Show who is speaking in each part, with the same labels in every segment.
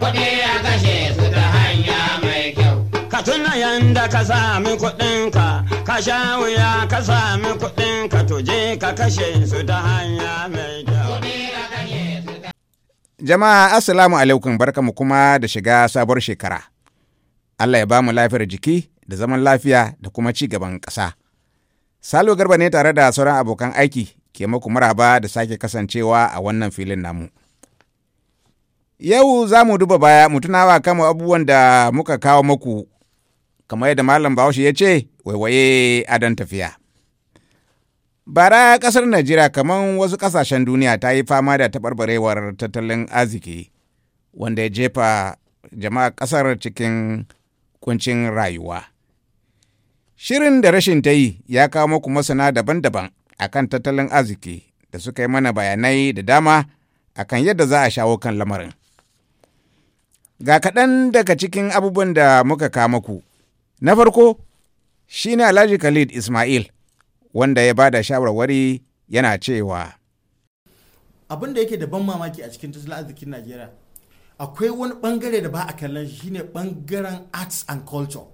Speaker 1: kuɗi a kashe su ta hanya mai kyau. Ka tuna yanda ka sami kuɗinka, ka sha wuya ka sami kuɗinka tuje ka kashe su ta hanya mai kyau.
Speaker 2: Jama'a Assalamu alaikum barkamu kuma da shiga sabuwar shekara. Allah ya ba mu lafiyar jiki da zaman lafiya da kuma ci gaban ƙasa. Salo Garba ne tare da sauran abokan aiki ke muku maraba da sake kasancewa a wannan filin namu. Yau za mu duba baya mutunawa kama abubuwan da muka kawo muku, kamar yadda Malam Bahaushe ya ce, waiwaye a adon tafiya. Bara ƙasar Najeriya kamar wasu ƙasashen duniya ta yi fama da taɓarɓarewar tattalin arziki, wanda ya jefa jama'a ƙasar cikin kuncin rayuwa. Shirin da rashin ta yi ya kawo muku masana daban-daban akan tattalin arziki da suka yi mana bayanai da dama akan yadda za a shawo kan lamarin. Ga kaɗan daga cikin abubuwan da muka kama ku. Na farko shi ne Alhaji Khalid Ismail wanda ya bada shawarwari yana cewa.
Speaker 3: Abin da yake da ban mamaki a cikin tattalin arzikin Najeriya akwai wani bangare da ba a kallon shi ne bangaren arts and culture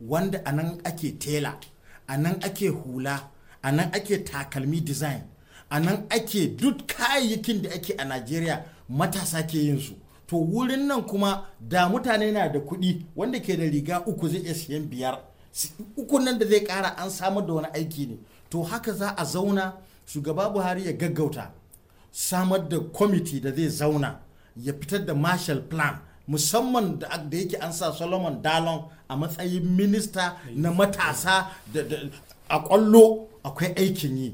Speaker 3: wanda a nan ake tela a nan ake hula a nan ake takalmi design a nan ake duk kayayyakin da ake a Najeriya matasa ke yin su to wurin nan kuma da mutane na da kuɗi wanda ke da riga uku zai iya siyan biyar uku nan da zai ƙara an samar da wani aiki ne to haka za a zauna shugaba buhari ya gaggauta samar da kwamiti da zai zauna ya fitar da marshal plan musamman da yake an sa solomon dalon a matsayin minista na matasa a kwallo akwai aikin yi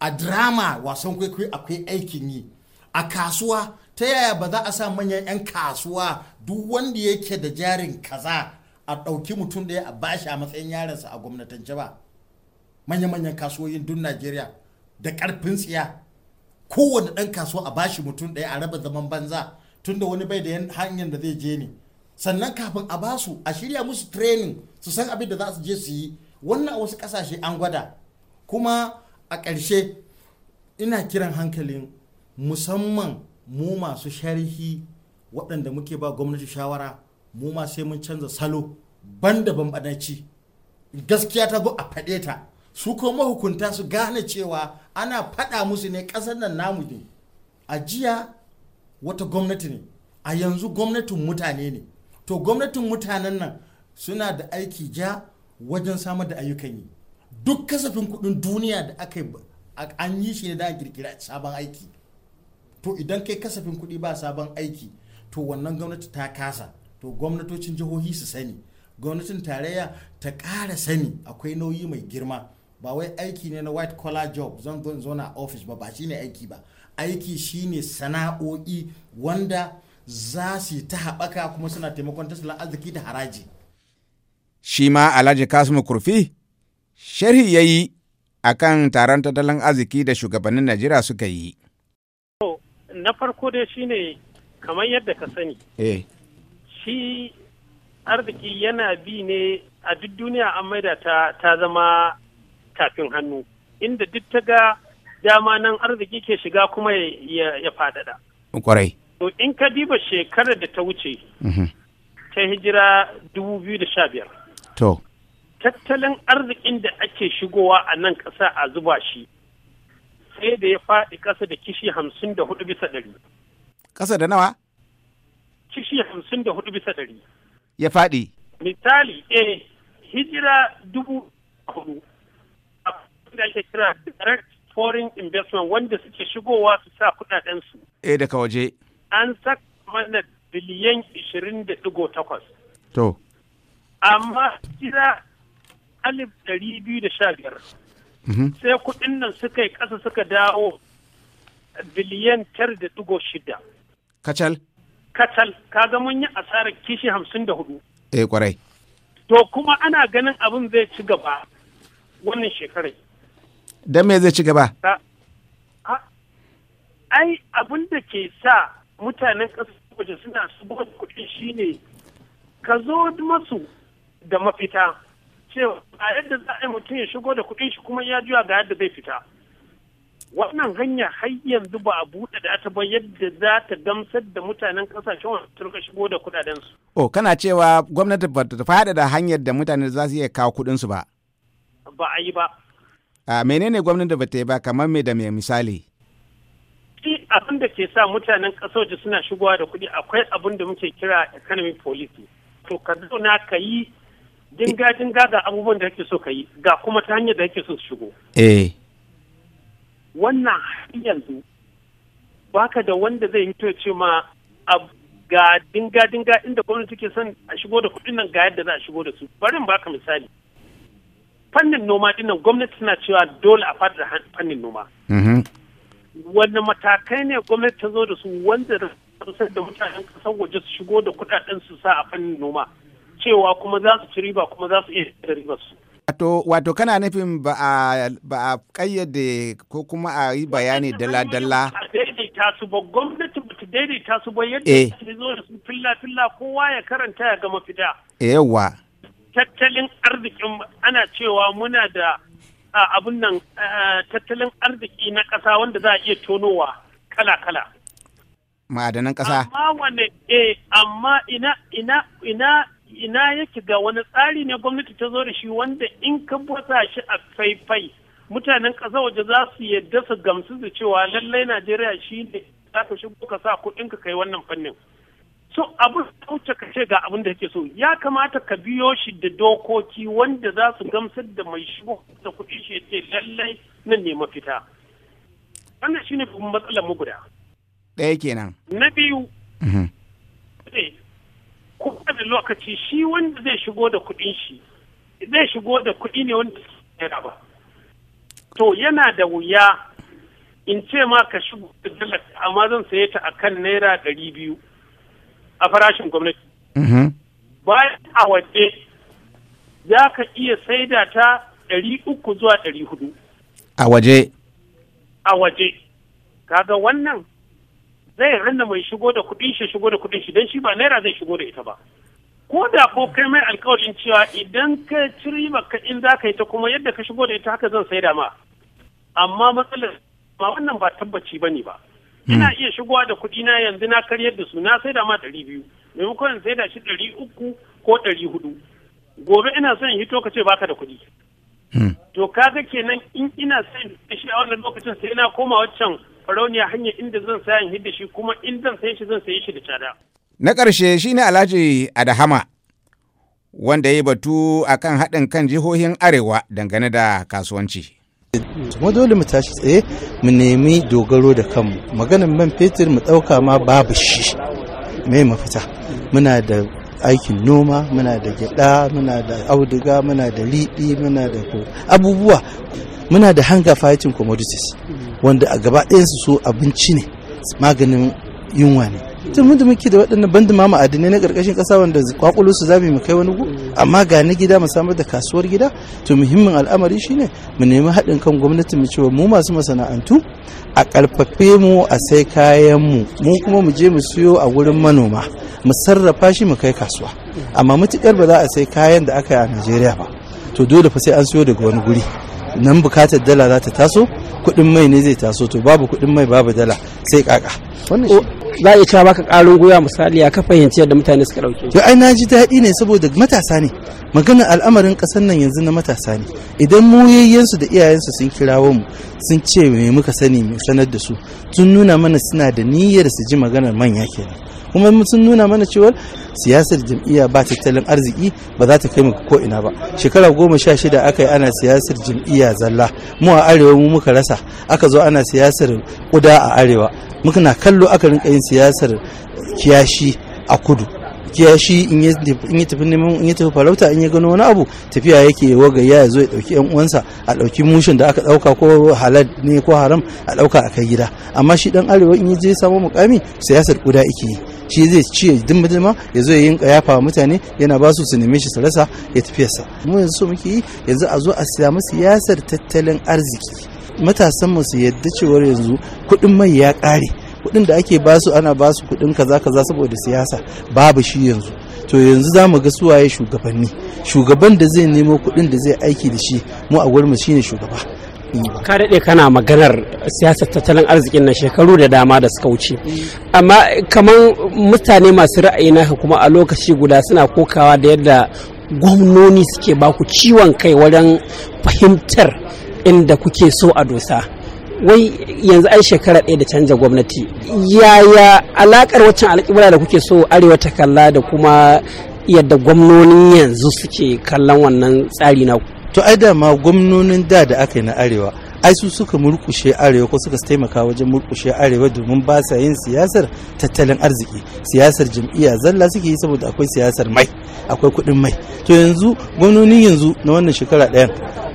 Speaker 3: a drama wasan kwaikwayo akwai aikin yi a kasuwa ta yaya ba za a sa manyan 'yan kasuwa duk wanda yake da jarin kaza a ɗauki mutum ɗaya a bashi a matsayin yaransa a gwamnatance ba manya-manyan kasuwoyin duk najeriya da ƙarfin tsiya kowane ɗan kasuwa a bashi mutum ɗaya a raba zaman banza tunda wani bai da hanyar da zai je ni sannan kafin a basu a shirya musu training su san abin da za su je su yi wannan a wasu ƙasashe an gwada kuma a ƙarshe ina kiran hankalin musamman mu masu sharhi waɗanda muke ba gwamnati shawara mu ma sai mun canza salo ban da ci gaskiya ta zo a faɗe ta su ko mahukunta su gane cewa ana faɗa musu ne ƙasar nan namu ne a jiya wata gwamnati ne a yanzu gwamnatin mutane ne to gwamnatin mutanen nan suna da aiki ja wajen samar da ayyukan yi duk kasafin kuɗin duniya da aka yi an yi shi ne da kirkira sabon aiki to idan kai kasafin kuɗi ba sabon aiki to wannan gwamnati ta kasa to gwamnatocin jihohi su sani gwamnatin tarayya ta ƙara sani akwai nauyi mai girma ba wai aiki ne na white collar job zan zona office ba ba shine aiki ba aiki shine sana'o'i wanda za su ta haɓaka kuma suna taimakon tattalin arziki da haraji
Speaker 2: shi ma alhaji kasimu kurfi sharhi ya yi a kan taron tattalin arziki da shugabannin najeriya suka yi
Speaker 4: na farko dai shine kamar yadda ka sani eh. shi arziki yana bi ne a duk duniya an maida ta ta zama tafin hannu inda duk ta ga dama nan arziki ke shiga kuma ya faɗaɗa. kwarai to in ka diba shekarar da ta wuce mhm. ta hijira 2015 to tattalin arzikin da ake shigowa a nan kasa a zuba shi sai da ya faɗi ƙasa da kishi hamsin da hudu bisa ɗari. Ƙasa da nawa? Kishi hamsin da hudu bisa ɗari. Ya faɗi? Misali, eh, hijira dubu hudu. da ake kira direct foreign investment wanda suke shigowa su sa kuɗaɗensu.
Speaker 2: E daga waje.
Speaker 4: An saka mana biliyan ishirin da ɗigo takwas. To. Amma hijira alif ɗari biyu da sha biyar. sai kuɗin nan suka yi ƙasa suka dawo biliyan tar da ɗigo shida. Kacal? Kacal, kaga mun yi asarar kishi hamsin da hudu. Eh kwarai. To kuma ana ganin abin zai ci gaba wannan shekarai.
Speaker 2: Don me zai ci gaba?
Speaker 4: Ai abin da ke sa mutanen ƙasar waje suna su kuɗi shine ka zo masu da mafita. cewa a yadda za a yi mutum ya shigo da kuɗin shi kuma ya juya ga yadda zai fita wannan hanya har yanzu ba a buɗe da ta ba yadda za ta gamsar da mutanen kasashen wasu turka shigo da kuɗaɗen su.
Speaker 2: Oh, kana cewa gwamnati ba ta da hanyar da mutane za su iya kawo kuɗin su ba? Ba a yi ba. A menene gwamnati ba ta yi ba kamar me da me misali?
Speaker 4: Shi abin da ke sa mutanen ƙasar suna shigowa da kuɗi akwai abin da muke kira economic policy. To ka zauna ka yi dinga dinga ga abubuwan da yake so ka yi ga kuma ta hanyar da ake so su shigo eh wannan yanzu baka da wanda zai yi to ce ma ga dinga dinga inda gwamnati take son a shigo da kudin nan ga yadda za a shigo da su barin baka misali fannin noma dinnan gwamnati tana cewa dole a fadar fannin noma mm-hmm. wanda matakai ne gwamnati ta zo da su wanda da mutanen kasar waje su shigo da kuɗaɗen su sa a fannin noma cewa kuma za su ci riba kuma za su iya da ribar su.
Speaker 2: Wato, wato kana nufin ba a kayyade ko kuma a yi bayani dala-dala.
Speaker 4: daidaita su ba gwamnati ba ta daidaita su ba yadda ya eh. zo da su filla-filla kowa ya karanta ya ga mafita. Yawa. Tattalin arzikin ana cewa muna da abin nan tattalin arziki na ƙasa wanda za a iya tonowa kala-kala.
Speaker 2: ma'adanan ƙasa.
Speaker 4: Amma wane eh amma ina ina ina ina yake ga wani tsari ne gwamnati ta zo da shi wanda in ka bata shi a faifai mutanen ƙasa waje za su yadda su gamsu da cewa lallai najeriya shi ne za ka shigo ka sa kuɗin ka kai wannan fannin so abin wuce ka ce ga abin da kake so ya kamata ka biyo shi da dokoki wanda za su gamsar da mai shigo da kuɗi shi ya ce lallai nan ne mafita wannan shi shine matsalar mu guda ɗaya kenan na biyu mhm. eh, kowane lokaci shi wanda zai shigo da kuɗin shi zai shigo da kuɗi ne wanda yana ba to yana da wuya in ce ma ka shigo da dalar amma zan saye ta a kan naira ɗari biyu a farashin gwamnati mm-hmm. bayan a waje za ka iya saida ta ɗari uku zuwa ɗari hudu a waje a waje kaga wannan zai ranna mai shigo da kuɗin shi shigo da kuɗin shi don shi ba naira zai shigo da ita ba ko da ko kai mai alkawarin cewa idan ka ci riba ka in za ka yi ta kuma yadda ka shigo da ita haka zan sai da ma amma matsalar ma wannan ba tabbaci ba ne ba hmm. ina iya shigowa da kuɗi na yanzu na karyar da su na sai da ma ɗari biyu maimakon sai da shi ɗari uku ko ɗari hudu gobe ina son hito ka ce baka da kuɗi hmm. to kaga kenan in ina son shi a wannan lokacin sai na koma waccan farauniya hanyar inda zan sayan hidda shi kuma in zan sayi shi zan sayi shi da tsada.
Speaker 2: Na ƙarshe shi ne Alhaji Adahama wanda ya batu akan haɗin kan jihohin Arewa dangane da kasuwanci.
Speaker 5: kuma dole mu tashi tsaye mu nemi dogaro da kanmu maganin man fetur mu ɗauka ma babu shi mai mafita muna da aikin noma muna da gyada muna da auduga muna da liɗi muna da abubuwa muna da hanga fighting commodities wanda a gaba ɗayansu su abinci ne maganin yunwa ne tun mun muke da waɗannan banda ma ma'adinai na ƙarƙashin ƙasa wanda kwakwalo su zamu mu kai wani gu amma ga na gida mu samar da kasuwar gida to muhimmin al'amari shine mu nemi haɗin kan gwamnati mu cewa mu masu masana'antu a ƙarfafe mu a sai kayan mu mu kuma mu je mu siyo a wurin manoma mu sarrafa shi mu kai kasuwa amma mutukar ba za a sai kayan da aka yi a Najeriya ba to dole fa sai an siyo daga wani guri nan bukatar dala za ta taso kuɗin mai ne zai taso to babu kuɗin mai babu dala sai kaka za a iya cewa baka ƙarin goya misali ya ka fahimci yadda mutane suka ɗauke to ai na ji daɗi ne saboda matasa ne maganar al'amarin ƙasar nan yanzu na matasa ne idan mu yayyansu da iyayensu sun kirawo mu sun ce me muka sani mu sanar da su sun nuna mana suna da niyyar su ji maganar manya kenan kuma sun nuna mana cewar siyasar jam'iyya ba tattalin arziki ba za ta kai mu ko ina ba shekara goma sha shida aka yi ana siyasar jam'iyya zalla mu a arewa mu muka rasa aka zo ana siyasar kuda a arewa muka na kallo aka rinka yin siyasar kiyashi a kudu gaskiya shi in ya tafi neman in ya tafi farauta in ya gano wani abu tafiya yake wagaya ya zo ya dauki yan uwansa a dauki mushin da aka dauka ko halal ne ko haram a dauka a kai gida amma shi dan arewa in ya je samu mukami siyasar kuda yake yi shi zai ci ya dimma ya zo ya yinka yafawa mutane yana ba su su neme shi su rasa ya tafiyarsa mu yanzu so muke yi yanzu a zo a samu siyasar tattalin arziki matasan mu su yadda cewar yanzu kuɗin mai ya kare. kuɗin da ake basu ana basu kuɗin kaza kaza saboda siyasa babu shi yanzu to yanzu za mu ga suwaye shugabanni shugaban da zai nemo kuɗin da zai aiki da shi mu a gurmu shine shugaba
Speaker 1: ka daɗe kana maganar siyasar tattalin arzikin na shekaru da dama da suka wuce amma kamar mutane masu ra'ayi naka kuma a lokaci guda suna kokawa da yadda gwamnoni suke baku ciwon kai wajen fahimtar inda kuke so a dosa wai yanzu ai shekara ɗaya da canza gwamnati yaya alakar waccan alƙibla da kuke so arewa ta kalla da kuma yadda gwamnonin yanzu suke kallon wannan tsari na
Speaker 5: to ai da ma gwamnonin da da aka yi na arewa ai su suka murkushe arewa ko suka taimaka wajen murkushe arewa domin ba sa yin siyasar tattalin arziki siyasar jam'iyya zalla suke yi saboda akwai siyasar mai akwai kuɗin mai to yanzu gwamnonin yanzu na wannan shekara ɗaya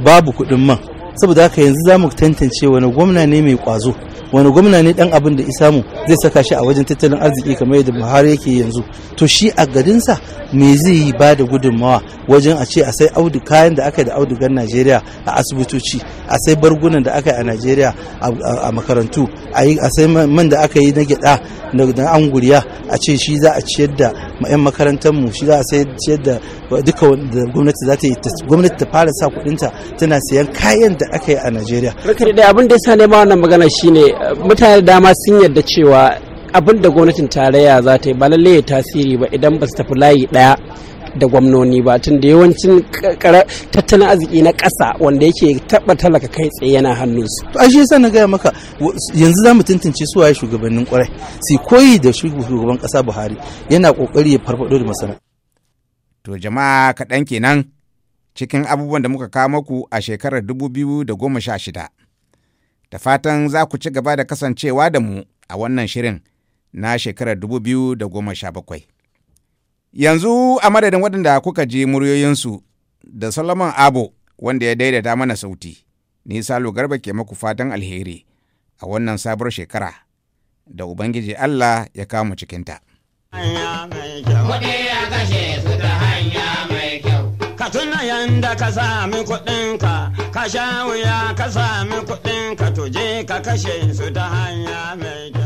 Speaker 5: babu kuɗin man saboda haka yanzu za mu tantance wani gwamna ne mai kwazo wani gwamna ne dan abin da isa mu zai saka shi a wajen tattalin arziki kamar yadda buhari yake yanzu to shi a garinsa me zai yi ba da gudunmawa wajen a ce a sai audu kayan da aka yi da audugar najeriya a asibitoci a sai bargunan da aka yi a najeriya a makarantu a sai man da aka yi na gyada da an a ce shi za a ciyar da 'yan makarantar mu shi za a sayar da duka wanda gwamnati za ta yi gwamnati ta fara sa ta tana sayan kayan da aka yi a Najeriya.
Speaker 1: da abin da ya sa nema wannan magana shine mutane da dama sun yarda cewa abin da gwamnatin tarayya za ta yi ba lallai tasiri ba idan ba su tafi layi daya da gwamnoni ba tun da yawancin tattalin arziki na ƙasa wanda yake taɓa talaka kai
Speaker 5: tsaye yana hannunsu. to ashe yasa na gaya maka yanzu za mu tantance su waye shugabannin kwarai sai koyi da shugaban ƙasa buhari yana ƙoƙari ya farfaɗo da masana. to jama'a kaɗan kenan cikin abubuwan da muka
Speaker 2: kawo muku a shekarar 2016. Da fatan za ku ci gaba da kasancewa da mu a wannan shirin na shekarar bakwai. Yanzu a madadin waɗanda kuka ji muryoyinsu da Solomon abu wanda ya daidaita mana sauti, ni Salo Garba ke maku fatan alheri a wannan sabuwar shekara da Ubangiji Allah ya kama cikinta.
Speaker 1: Ka tuna yanda ka sami kuɗinka, ka sha wuya ka sami kuɗinka, to je ka kashe su ta hanya mai kyau.